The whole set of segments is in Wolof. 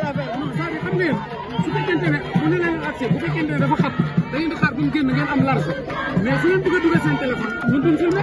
c'est-à-dire xam ngeen su fekkente ne bu ne leen accès bu fekkente ne dafa xat da ngeen di xaar bu mu génn ngeen am large mais su ngeen bëgg a dugal seen téléphone ñun duñ filmé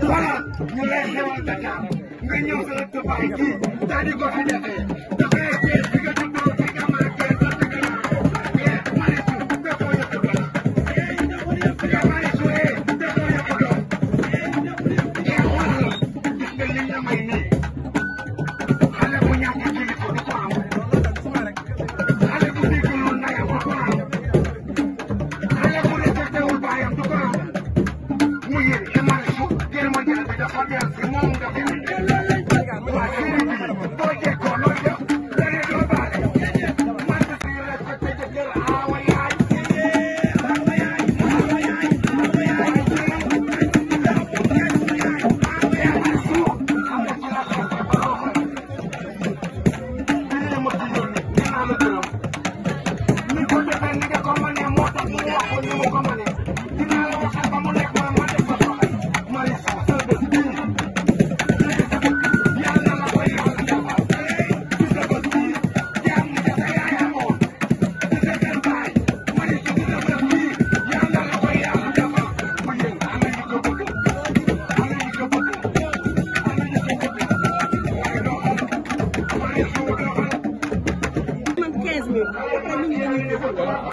voilà ñu lay xewal Dakar nga ñëw sa dëkk Paris kii daal di ko fi defee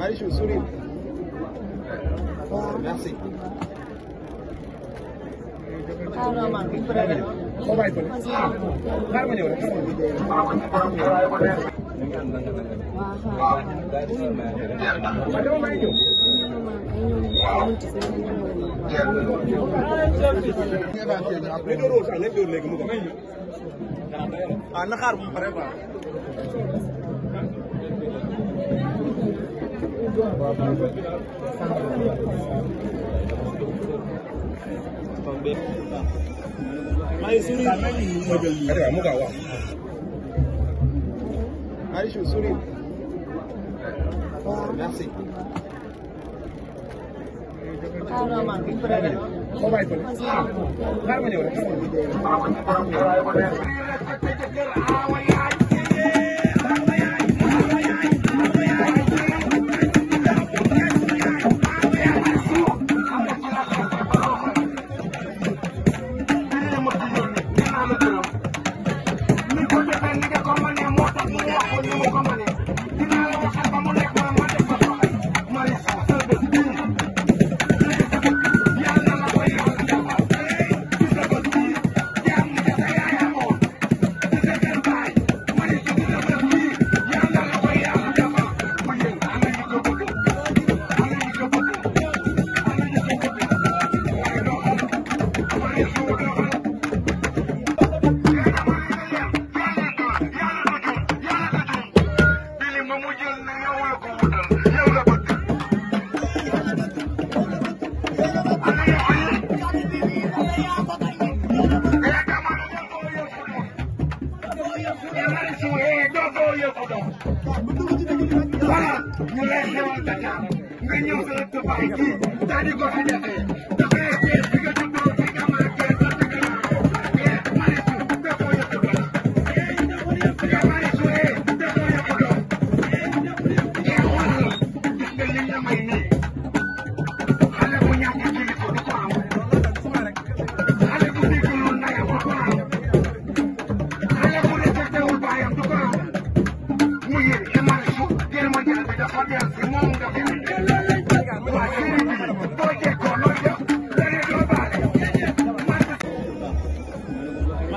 Allez, je vous souris. Merci. ah naxaar bu mu pare quoi Merci. Ah, mu lay xewal nga ñëw sa dëkk Baye kii daal di ko